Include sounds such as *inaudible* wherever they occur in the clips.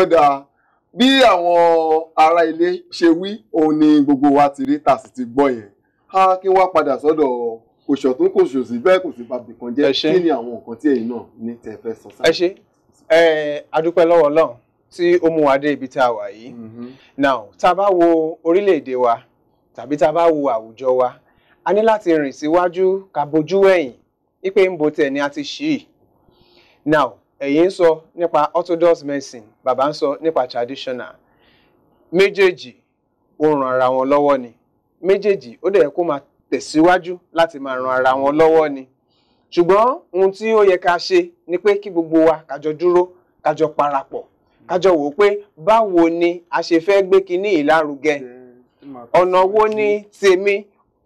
ó dáa bí àwọn ará ilé ṣe wí òun ni gbogbo wa ti rí tàsí ti gbọ́ yẹn á kí wá padà sọ́dọ̀ kò ṣọ̀tún kò ṣòsì bẹ́ẹ̀ kò sì bàbí kan jẹ́ kí ni àwọn nǹkan tí ẹ̀yin náà ní tẹ́ fẹ́ sọ sáà. ẹ ṣe ẹ adúpẹ́ lọ́wọ́ Ọlọ́run tí ó mú wa dé ibi tá a wà yìí mm-hmm. now tá a bá wo orílẹ̀-èdè wa tàbí tá a bá wo àwùjọ wa a ní láti rìn síwájú ká ẹ̀yìn wípé ń bo tẹ̀ ni a ti ṣí now ẹ̀yin ń sọ nípa orthodox medicine bàbá ń sọ nípa traditional méjèèjì ó ràn ara wọn lọ́wọ́ ni méjèèjì ó dẹ̀ yẹ kó máa tẹ̀síwájú láti máa ràn ara wọn lọ́wọ́ ni ṣùgbọ́n ohun tí ó yẹ ká ṣe ni pé kí gbogbo wa kájọ dúró kájọ parapọ̀ kájọ wò ó pé báwo ni a ṣe fẹ́ gbé kinní ìlárugẹ ọ̀nà wo ni tèmi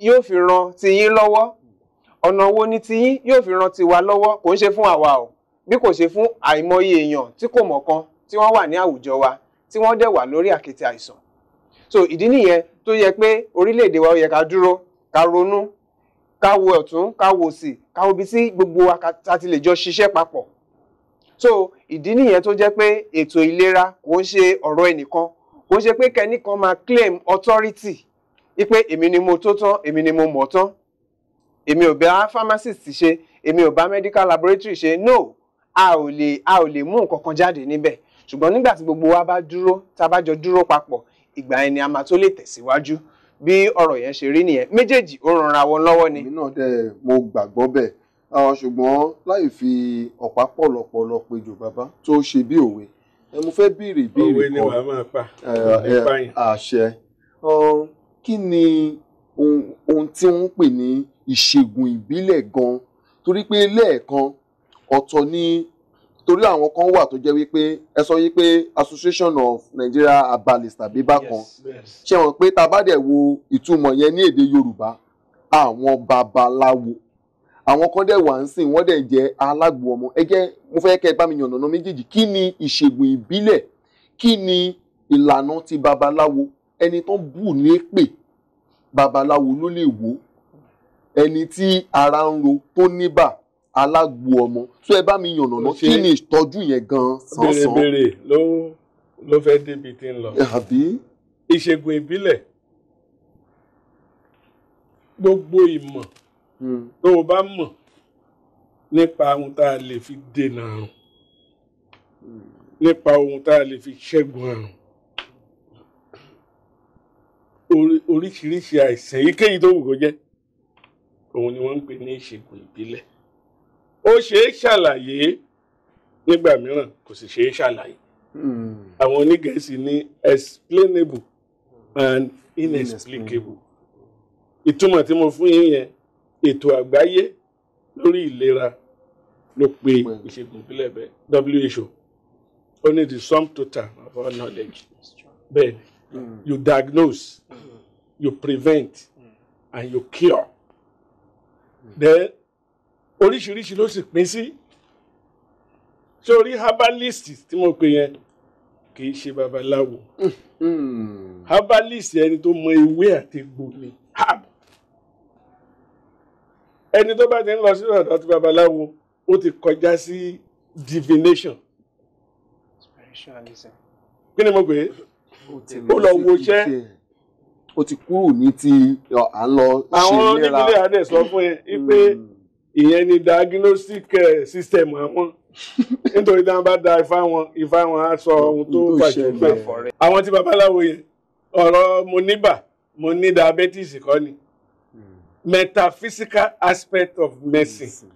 yóò fi ran tiyín lọ́wọ́ ọ̀nà wo ni tiyín yóò fi ran tiwa lọ́wọ́ kò ń ṣe fún àwa o bí kò ṣe fún àìmọye èèyàn tí kò mọ̀kan tí wọ́n wà ní àwùjọ wa tí wọ́n dẹ̀ wà lórí àkéte àìsàn so ìdí nìyẹn tó yẹ pé orílẹ̀-èdè wa ó yẹ ká dúró ká ronú ká wo ọ̀tún ká wo òsì ká wo ibi tí gbogbo wa ta ti lè jọ ṣiṣẹ́ papọ̀ so ìdí nìyẹn tó jẹ́ pé ètò ìlera kò ń ṣe ọ̀rọ̀ ẹnìkan kò ń ṣe pé kẹ́nìkan máa claim authority ipe èmi ni mo tó tán èmi ni mo mọ̀ tán èmi ò bá pharmacist ṣe èmi ò bá medical laboratory ṣe no a ò lè a ò lè mú nǹkan jáde níbẹ̀ ṣùgbọ́n nígbà tí gbogbo wa bá dúró tá a bá jọ dúró papọ̀ ìgbà yẹn ni a máa tó lè tẹ̀síwájú bí ọ̀rọ̀ yẹn ṣe rí nìyẹn méjèèjì ó ranra wọn lọ́wọ́ ni. èmi náà dẹ mo gbàgbọ́ bẹ́ẹ̀ àwọn ṣùgbọ́n láì fi ọ̀pá pọ̀lọpọ̀lọ péjọ bàbá tó ṣe bí òwe ẹ mo fẹ́ béèrè ìbéèrè kan òwe ni wàá máa pa nípa yẹn. àṣẹ kí ni ohun tí wọ́n ń pè ní ìṣègùn ìbílẹ̀ gan torí pé lẹ́ẹ̀kan ọ̀tọ̀ ni torí àwọn kan wà tó jẹ́ wípé ẹ sọ wípé association of Nigeria herbalist tàbí bákan ṣe wọn pé tá a bá dẹ̀ wo ìtumọ̀ yẹn ní èdè Yorùbá àwọn babaláwo àwọn kan dẹ̀ wà ń sìn wọ́n dẹ̀ jẹ́ alágbo ọmọ ẹ jẹ́ mo fẹ́ kẹ́ ẹ bá mi yànnàná méjèèjì kí ni ìṣègùn ìbílẹ̀ kí ni ìlànà ti babaláwo ẹni tó ń bù ní pè babaláwo ló lè wò ẹni tí ara ń ro tó níbà alágbo ọmọ tó ẹ bá mi yànnà ná kí ni ìtọ́jú yẹn gan-an sánsan. bèrèbèrè ló ló fẹ́ débi tí ń lọ. Eh, àbí. ìṣègùn ìbílẹ̀ gbogbo ìmọ̀ hmm. tó o bá mọ̀ nípa ohun tá a lè fi dènà àrùn nípa ohun tá a lè fi ṣẹ́gun àrùn oríṣiríṣi àìsàn èyíkéyìí tó wù kó jẹ́ òun ni wọ́n ń pè ní ìṣègùn ìbílẹ̀ ó ṣeé ṣàlàyé nígbà mìíràn kò sì ṣeé ṣàlàyé hmm. àwọn onígẹ̀ẹ́sì ní explainable and inexplicable ìtumọ̀ tí mo fún yín yẹn ètò àgbáyé lórí ìlera ló pe ìṣègùn ìbílẹ̀ bẹ́ẹ̀ WHO ó ní the sum total of our knowledge bẹ́ẹ̀ hmm. you diagnose hmm. you prevent and you cure then oríṣiríṣi ló sì pín sí sórí herbalist tí mo pè yẹn kì í ṣe babaláwo hmm. herbalist ẹni tó mọ ewé àti egbò ni herb ẹni tó bá ti ń lọ sí ọ̀dọ̀ ti babaláwo ó ti kọjá sí divination kí ni mo pè é ó lọ wo iṣẹ́ ó ti kúrò ní ti à ń lọ ṣe ìlera àwọn oníbílẹ̀ adé sọ fún ẹ pé ìyẹn ni diagnostic eh, system àwọn *laughs* nítorí tí wọn bá da ifá wọn ifá wọn á sọ ohun tó pàṣẹ bẹ́ẹ̀ àwọn tí babaláwo yẹn ọ̀rọ̀ mo níbà mo ní diabetes kọ́ ni hmm. metaphysical aspect of medicine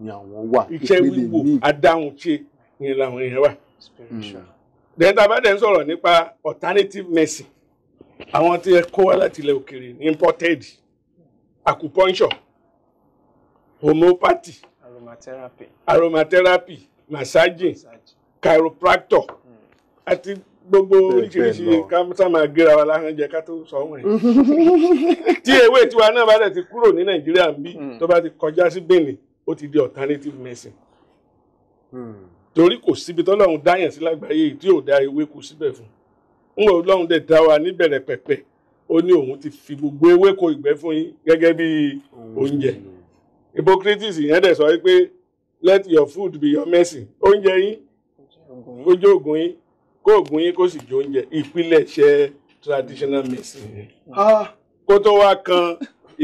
ni àwọn wà iṣẹ́ wíwò adáhunṣe ni làwọn èèyàn wà. Hmm. then tá bá dẹ̀ ń sọ̀rọ̀ nípa alternative medicine àwọn tí ẹ kó wá láti ilẹ̀ òkèèrè ní imported acupuncture homeopathy aromatherapy aromatherapy massaging chiropractor hmm. àti gbogbo oríṣiríṣi ká máa gbéra wa láhán jẹ ká tó sọ wọn yìí tí ewé tiwa náà bá dẹ̀ ti kúrò ní nàìjíríà ń bí hmm. tó bá ti kọjá sí Benin ó ti di alternative medicine hmm. torí kò síbi tọ́lọ́run dáyàn sí lágbàáyé yìí tí ò dá ewé kù síbẹ̀ fún un ń wò lọ́run dẹ̀ dá wa níbẹ̀rẹ̀ pẹ̀pẹ̀ ó ní òun ti fi gbogbo ewéko ìgbẹ́ fún yín gẹ́gẹ́ bí oúnjẹ. Mm Hippocrates yẹn dẹ̀ sọ wípé let your food be your medicine oúnjẹ yín ojú oògùn yín kó oògùn yín kó sì jẹ oúnjẹ ìpìlẹ̀ṣẹ̀ traditional medicine kó tó wá kan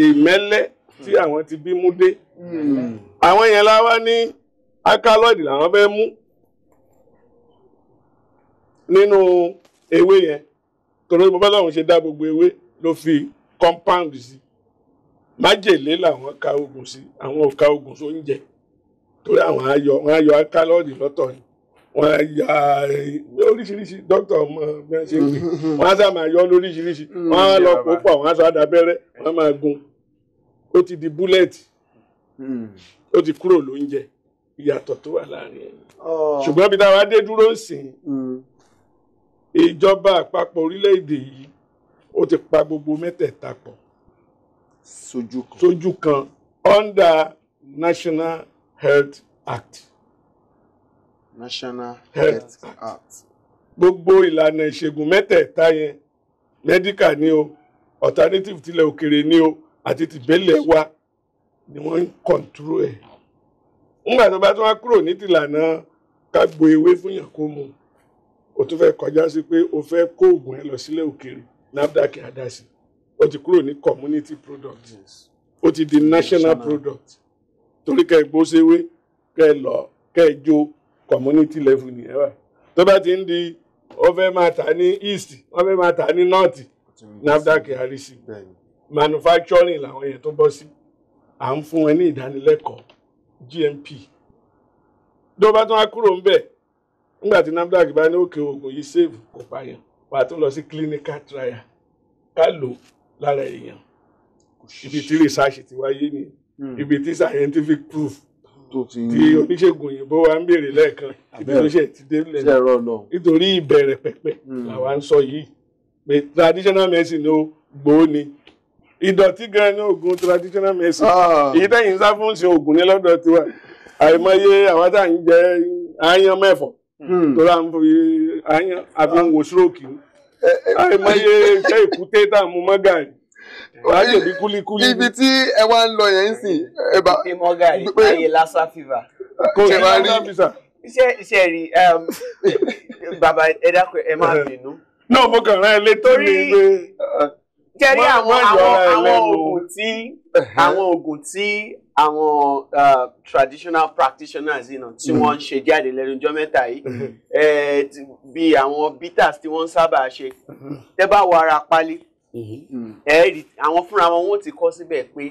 ìmẹ́lẹ́ tí àwọn ti bí mú dé àwọn yẹn láwá ní akálọ́ọ̀dì làwọn fẹ́ mú nínú ewé yẹn torí mo bá lọ́run ṣe dá gbogbo ewé ló fi compound sí májèlé làwọn ka oògùn sí àwọn ò ka oògùn sóúnjẹ torí àwọn ayọ wọn ayọ akálọ́ọ̀dì lọ́tọ̀ ni wọn ya eh, oríṣiríṣi dókítà ọmọ bí wọn ṣe pè *laughs* wọn á sá máa yọ lóríṣiríṣi mm, wọn á lọ pò pọ̀ wọn á sọ àdàbẹ́rẹ́ wọn á máa gun ó ti di búlẹ́ẹ̀tì mm. ó ti kúrò lóúnjẹ ìyàtọ̀ tó wà láàrin ẹ̀ oh. ṣùgbọ́n bí táwa dé dúró sìn mm. ìjọba àpapọ̀ orílẹ̀-èdè yìí ó ti pa gbogbo mẹ́tẹ̀ẹ̀ta pọ̀ sójú kan under National Health Act. National Health, Health Act. gbogbo ìlànà ìṣègùn mẹ́tẹ̀ẹ̀ta yẹn medical ni o alternative tilẹ̀ òkèrè ni o àti tìbẹ́lẹ̀ wa ni wọ́n ń control ẹ̀. nígbà tó bá tún wá kúrò ní tìlànà ká gbo ewé fún yàn kó mu o tún fẹ́ kọjá sí pé o fẹ́ kó oògùn ẹ lọ sílẹ̀ òkèrè NAFDAC àdá sí o ti kúrò ní community product o ti di national product torí kẹ́ ẹ gbóṣewé kẹ́ ẹ lọ kẹ́ ẹ jó community level nìyẹn wà tó bá ti ń di wọ́n fẹ́ máa tà ní east wọ́n fẹ́ máa tà ní north NAFDAC yàrí sí manufacturing làwọn yẹn tó bọ́ sí à ń fún wọn ní ìdánilẹ́kọ̀ọ́ GMP tó bá tún wá kúrò ń bẹ̀ nígbà tí NAFDAC bá ní òkè oògùn yìí save kò pààyàn wà tó lọ sí clinical trial ká lò ó lára èèyàn ibi tí research ti wáyé ni hmm. ibi tí scientific proof tí oníṣègùn òyìnbó wa ń béèrè lẹ́ẹ̀kan ibi tó ṣe ti dé lẹ́nu nítorí ìbẹ̀rẹ̀ pẹ̀pẹ̀ hmm. làwa ń sọ yìí traditional medicine ló gbòó ni ìdọ̀tí gan ní oògùn traditional medicine ah. èyí tẹ̀yìn sá fún ṣe oògùn ní lọ́dọ̀ tiwa àìmọye àwọn tá à ń jẹ àyàn mẹ́fọ̀ hmm. tó rà ń fi àyàn àfi ń wo stroke àìmọye iṣẹ́ ìkúté tá a mú mọ́gà yìí wàá jẹ̀bi kúlíkúlí. ibi tí ẹ wá ń lọ yẹn ń sìn. ìkúté mọ́gà yìí ayé lassa fever. kò sí lassa fever. iṣẹ́ iṣẹ́ rí um, bàbá ẹ dákun ẹ má bínú. náà mo kàn rán ẹ létí mi jẹ́rí àwọn àwọn oògùn tí àwọn oògùn tí àwọn traditional practitioners you know, tí hmm. wọ́n ń ṣe jáde lẹ́nu ọjọ́ mẹ́ta yìí *laughs* eh, bí àwọn bitters tí wọ́n ń sábà ṣe hmm. tẹ́ bá wọ ara pálí hmm. ẹ̀ẹ́dì àwọn fúnra wọn wọ́n ti kọ́ síbẹ̀ pé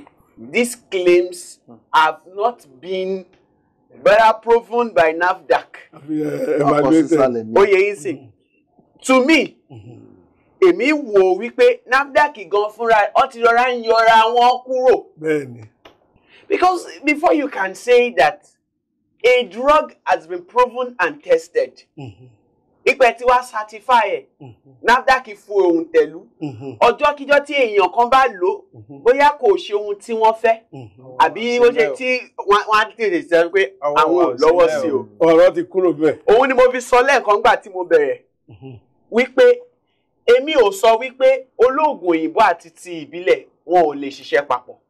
these claims have not been better proven by NAFDAC. Eh, ọkọ̀ sísàlẹ̀ mi. oyè yìí sìn to me èmi wò wípé NAFDAC gan fúnra ọ ti rọra ń yọra wọn kúrò. bẹ́ẹ̀ni. because before you can say that a drug has been proven and tested. Mm-hmm ìpẹ́ tí wàá certify ẹ̀ mm-hmm. NAFDAC fún ohun tẹ̀lú mm-hmm. ọjọ́ kíjọ́ tí èèyàn kan bá lò mm-hmm. bóyá kò ṣe ohun tí wọ́n fẹ́ àbí ó ṣe tí wọ́n á tètè sọ pé àwọn ò lọ́wọ́ sí o. ọ̀rọ̀ ti kúrò bẹ́ẹ̀. òun ni mo fi sọ lẹ́ẹ̀kan gbà tí mo bẹ̀rẹ̀ wípé èmi ò sọ wípé olóògùn òyìnbó àti ti ìbílẹ̀ wọn ò lè ṣiṣẹ́ papọ̀